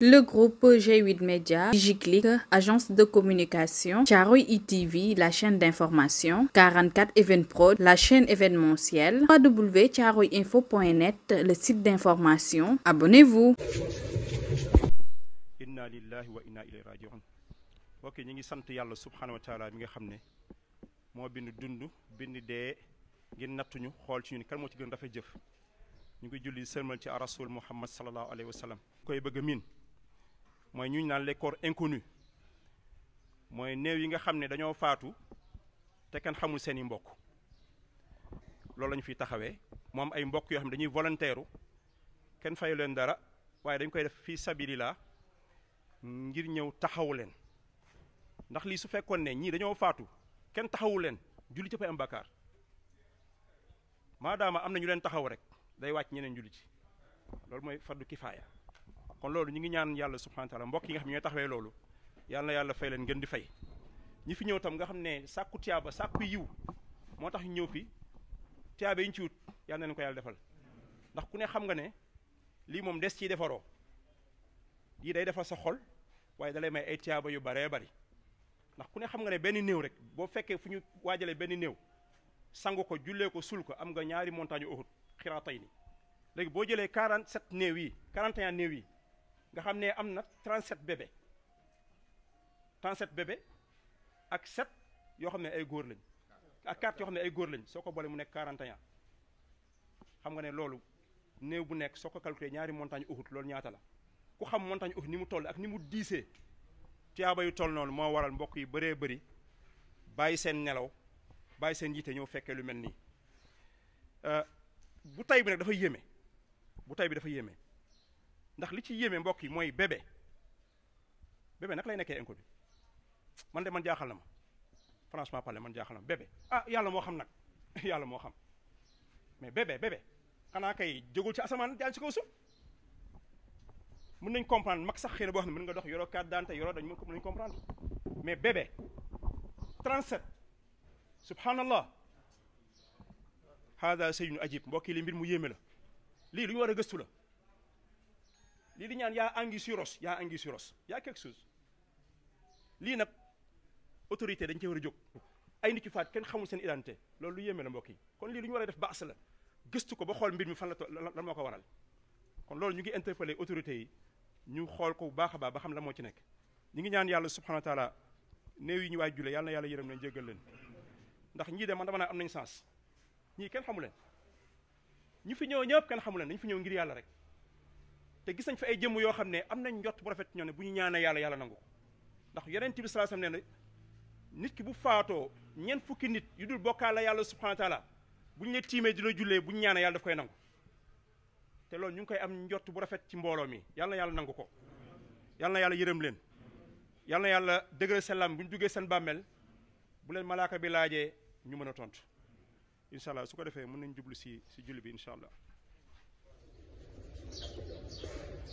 Le groupe G8 Media, DigiClick, agence de communication, Charoui TV, la chaîne d'information, 44 Event Pro, la chaîne événementielle, www.charouiinfo.net, le site d'information. Abonnez-vous. inna lillahi wa inna ilayhi raji'un Ok, ñi ngi sant Yalla subhanahu wa taala mi nga xamné mo moo bind dund bind dee ngir nattuñu xol ci ñun kan mo ci gën rafet jëf ñu ngi julli sërmal ci rasul muhammad sallallahu alayhi wa sallam koy bëgg miin mooy ñu naan les corps inconnus mooy néew yi nga xam ne dañoo faatu te kenn xamul seeni mbokk loolu la ñu fiy taxawee moom ay mbokk yoo xam ne dañuy volontaire kenn fayu leen dara waaye dañ koy def fii sabilillah ngir ñëw taxawu leen ndax lii su fekkoon ne ñii dañoo faatu kenn taxawu leen julli ci am bakkaar maadaama am na ñu leen taxaw rek day wàcc ñeneen julli ci loolu mooy fardu kifaaya kon loolu ñu ngi ñaan yàlla subhanahu wa mbokk yi nga xam ne ñooy taxawee loolu yàlla yàlla fay leen ngeen di fay ñi fi ñëw tam nga xam ne sàkku tiyaaba sàkku yiw moo tax ñu ñëw fi tiyaaba yi ñu ci yàlla na leen ko yàlla defal ndax ku ne xam nga ne lii moom des ciy defaroo lii day defar sa xol waaye dalay may ay tiyaaba yu baree bari ndax ku ne xam nga ne benn néew rek boo fekkee fu ñu waajalee benn néew sangu ko jullee ko sul ko am nga ñaari montagne Uhud xiraatay ni léegi boo jëlee 47 néew yi 41 néew yi nga y 37 bébés. 37 bébé ak 7 yo xamné ay il lañ ak 4 yo xamné ay goor lañ soko y mu 41 xam nga bu ñaari montagne uhut lolu ñaata la ku xam montagne uhut ni mu toll ak ni mu a Tiaba yu toll y mo waral mbokk yi y nelaw lu euh, bu tay ndax li ci yéeme mbokk yi mooy bébé bébé nag lay nekkee inco bi man de man jaaxal na ma franchement parler man jaaxal na ma bébé ah yàlla moo xam nag yàlla moo xam mais bébé bébé xanaa kay jógul ci asamaan daal ci kaw suuf mën nañ comprendre mag sax xëy na boo xam ne mën nga dox dañ mën nañ comprendre mais bébé subhanallah hada sayyidun ajib mbokk yi li mbir mu yéeme la lii lu ñu war a gëstu la lii li ñaan yaa angi suros yaa angi suros yaa quelque chose lii nag autorité dañ cee war a jóg ay nit yu faat kenn xamul seen identité loolu lu yéeme la mbokk yi kon lii lu ñu war a def baas la gëstu ko ba xool mbir mi fan la lan moo ko waral kon loolu ñu ngi interpellé autorités yi ñu xool ko bu baax a baax ba xam la moo ci nekk ñu ngi ñaan yàlla subhanahu wa taala néew yi ñu waay jule yàlla na yàlla yërëm leen jéggal leen ndax ñii de man dama naa am nañ sens ñii kenn xamu leen ñu fi ñëw ñëpp kenn xamu leen dañu fi ñëw ngir yàlla rek te gis fi ay jëmm yoo xam ne am nañ njot bu rafet ñoo ne bu ñu ñaanee yàlla yàlla nangu ko ndax yonent bi sallallahu alayhi wasallam na nit ki bu faatoo ñeent fukki nit yu dul bokkaale yàlla subhanahu wa taala bu ñu la tiimee di la jullee bu ñu ñaanee yàlla daf koy nangu te loolu ñu ngi koy am njott bu rafet ci mbooloo mi yàlla na yàlla nangu ko yàlla na yàlla yërëm leen yàlla na yàlla dëgëral seen lam bu ñu duggee seen bàmmeel bu leen malaaka bi laajee ñu mën a tontu incha su ko defee mën nañ jublu si si julli bi incha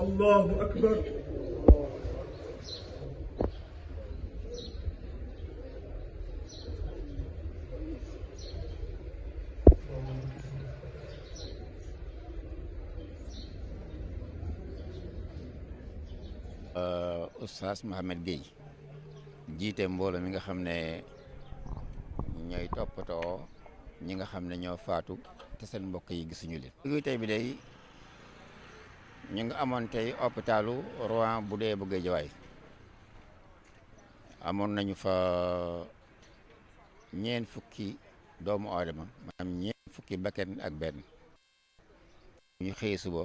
الله أكبر uh, Oustaz jiite mbooloo mi nga xam ne ñooy toppatoo ñi nga xam ne ñoo faatu te seen mbokk yi gisuñu leen. liggéey tey bi day ñu ngi amoon tey hôpitalu Rouen bu dee bu amon amoon nañu fa ñeen fukki doomu aadama maanaam ñeen fukki bakkan ak benn ñu xëyee suba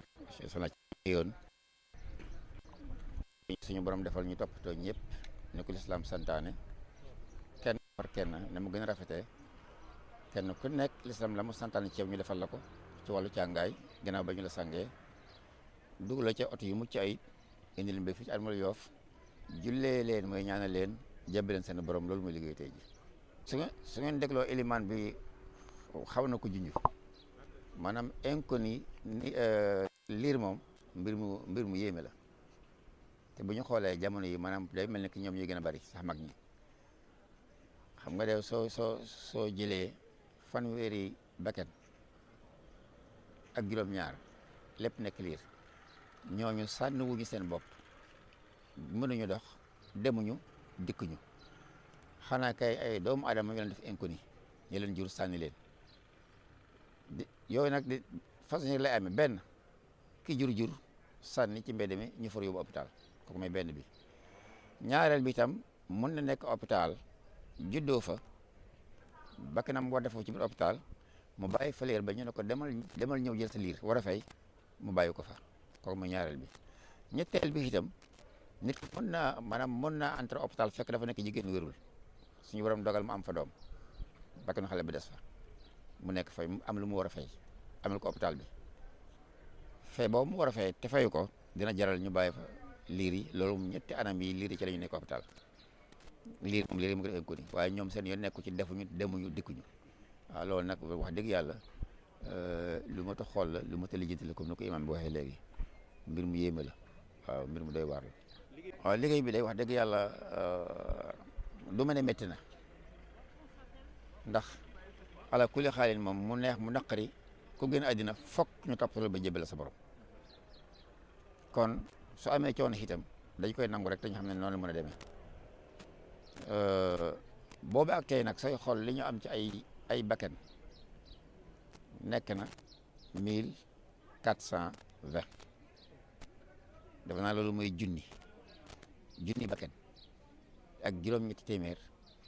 sana xëyoon suñu borom defal ñu toppatoo ñëpp ne ko lislaam santaane kenn par kenn na mu gën a rafetee kenn ku nekk lislaam la mu santaane ci ñu defal la ko ci wàllu càngaay gannaaw ba ñu la sàngee dugala ca oto yu mucc ay indi leen be fi ci armal yof julle len moy ñaanal len jàbbi leen seen borom loolu moy liggey tay ji su nga su ngeen deglo eliman bi xawna ko jinjuf manam inconnu ni euh, lire mom mbir mu mbir mu yéeme la te buñu xolé jamono yi manam day melni ki ñom ñu gëna bari sax mag ñi xam nga so so so soo fan fanweeri baket ak juroom ñaar lepp nek lire ñooñu sànniwuñu seen bopp mënuñu dox demuñu dikkuñu xanaa kay ay doomu aadama ñu leen def inconnu ñu leen jur sànni leen di yooyu nag di façon yi lay amee benn ki jur jur sànni ci mbedd mi ñu for yóbbu hôpital kooku may benn bi ñaareel bi itam mun na nekk hôpital juddoo fa bakkanam war defoo ci biir hôpital mu bàyyi fa liir ba ñu ne ko demal demal ñëw jël sa liir war a fay mu bàyyi ko fa. kooku mu ñaareel bi ñetteel bi itam nit ki mën naa maanaam mën naa entre hôpital fekk dafa nekk jigéen wérul suñu borom dogal mu am fa doom bakkanu xale bi des fa mu nekk fay mu am lu mu war a fay amal ko bi fay boobu mu war a fay ko dina jaral ñu bàyyi fa liir loolu ñetti anam yi liir ci la ñu nekk hôpital liir moom liir mu ko waaye ñoom seen yoon nekku ci defuñu demuñu dikkuñu waaw loolu nag wax dëgg yàlla euh, lu ma ta xool la lu ma ta lijjanti la comme ni ko imam bi waxee léegi mbir mu yéeme la waaw mbir mu doy waar la. waaw liggéey bi day wax dëgg yàlla euh, du ma ne métti na ndax ala kulli xaalin moom mu neex mu naqari ko gën àddina fokk ñu toppatoo ba jébbal sa borom kon su amee coono itam dañ koy nangu rek te ñu xam ne noonu la mën a demee euh, boobu ak tey nag sooy xool li ñu am ci ay ay bakkan nekk na mille quatre dafa naa loolu mooy junni junni bakkan ak juróom-ñetti téeméer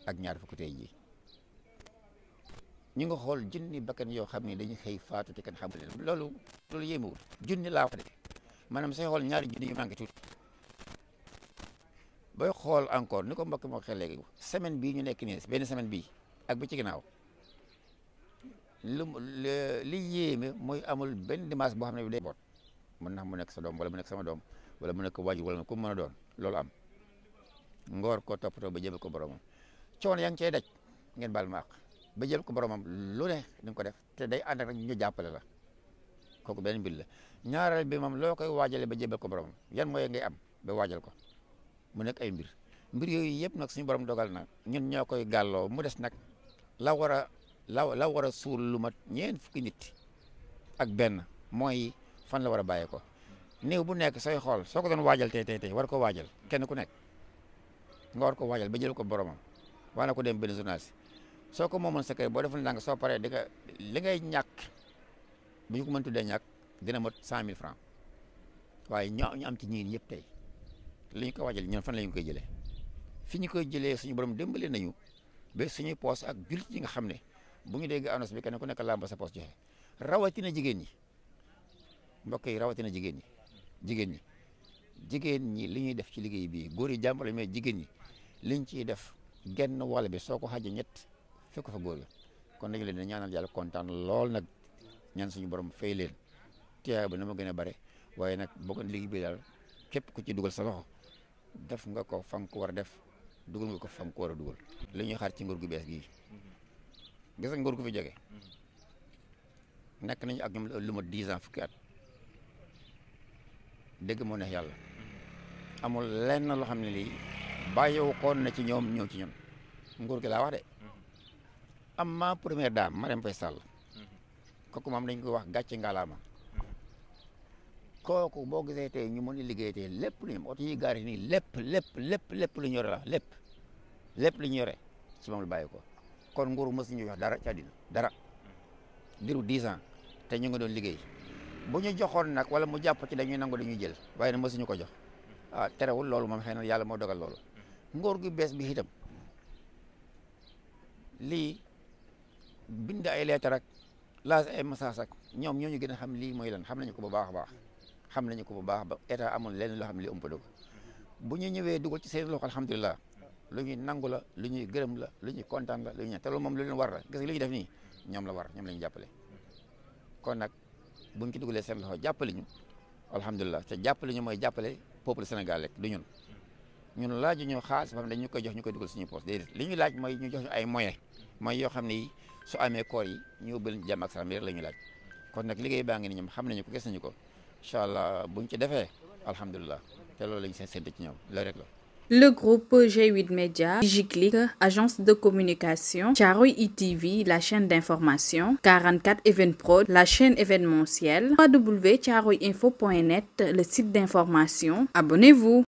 ak ñaar fukk tey ji ñu nga xool junni bakkan yoo xam ne dañuy xëy faatu te kan xamul leen loolu loolu yéemewul junni laa wax de maanaam say xool ñaari junni yu manqué tuuti booy xool encore ni ko mbokk moo xel léegi semaine bii ñu nekk nii si benn semaine bi ak bi ci ginnaaw lu li yéeme mooy amul benn dimanche boo xam ne bi day boot mën na mu nekk sa doom wala mu nekk sama doom wala mu nek waji wala ku meuna doon lolu am ngor ko toppatoo ba jëbal ko boromam coono yang cey daj ngeen bal ma àq ba jël ko boromam lu ne di ko def te day and ak ñu jappale la koku benn bil la ñaaral bi mam lo koy waajale ba jëbal ko boromam yan moy ngay am ba wajal ko mu nek ay mbir mbir yoy yep nak suñu borom dogal na ñun ñokoy gallo mu dess nak la wara la wara sul lu mat ñeen fukki nit ak ben moy fan la wara a néew bu nek say xol soko don wadjal tay tay warko war ko wadjal kenn ku nek nga war ko wadjal ba jël ko boromam wala ko dem ben journaliste soko momon sa kay bo defal ndànk so paree diga li ngay ñak bu ñu ko mën tudé ñak dina mot 100000 francs waye ñoo ñu am ci ñiin yëpp tay li ñu ko wadjal ñan fan lañ ñu koy jëlee fi ñu koy jëlé suñu borom dembalé nañu ba suñu poste ak jullit yi nga xamné bu ñu dégg annonce bi kenn ku nek lamb sa poos rawati na jigéen ñi mbokk yi na jigéen ñi. jigéen ñi jigéen ñi li ñuy def ci liggéey bii góor yi jàmbale mais jigéen ñi liñ ciy def genn wàll bi soo ko xaajee ñett fekk fa góor kon nañ leen di ñaanal yàlla lool nag ñaan suñu borom fay leen tiyaay ba na ma gën a bare waaye nag bëggoon liggéey bi daal képp ku ci dugal sa loxo def nga ko fa ko war a def dugal nga ko fa ko war a dugal. li ñuy xaar ci nguur gu bees gi gis nga nguur gu fi jógee mm-hmm. nekk nañu ak ñoom lu ma dix ans fukki at. deug mo neex yalla amul lenn lo xamni li baye nyom koon na ci ñom ñëw ci ñun nguur gi la wax de amma première dame Marème Faye Sall kooku moom dañ ko wax gàcce ngalama koku bo gisee tey ñu mën a liggéey tey lépp ñu auto yi ni lepp lepp lepp lepp lu la lepp lepp lu ñoré yore mam moom la ko kon nguur mës ñu wax dara ci àddina dara diru 10 ans te ñu ngi doon liggéey boo ñu joxoon nag wala mu jàpp ci dañuy nangu dañuy jël waaye nag mësuñu ko jox mm-hmm. ah terewul loolu moom xëy na yàlla moo dogal loolu mm-hmm. nguur gi bees bi itam lii bind ay leetar ak laa ay message ak ñoom ñoo ñu gën a xam lii mooy lan xam nañu ko bu baax a baax mm-hmm. xam nañu ko bu baax ba état amul lenn loo xam ne lii ëmp bu ñu ñëwee dugal ci seen loxo alhamdulilah lu ñuy nangu la lu ñuy gërëm la lu ñuy kontaan la lu ñuy te loolu moom lu leen war la gis nga li def nii ñoom la war ñoom la ñu jàppale buñ ci dugalee seen loxo jàppale ñu alhamdulilah te jàppale ñu mooy jàppale peuple Sénégal rek du ñun ñun laaju ñu xaalis boo xam koy jox ñu koy suñu poos déedéet li ñu laaj mooy ñu jox ñu ay moyens mooy yoo xam ne su amee koor yi ñu ubbil jàmm ak la ñu laaj kon nag liggéey baa ngi ni ñoom xam nañu ko gis nañu ko incha allah buñ ci defee alhamdulilah te loolu lañ seen séntu ci ñoom loolu rek la Le groupe G8 Media, DigiClick, agence de communication, Charoui ITV, la chaîne d'information, 44 Event Pro, la chaîne événementielle, www.charoinfo.net, le site d'information. Abonnez-vous!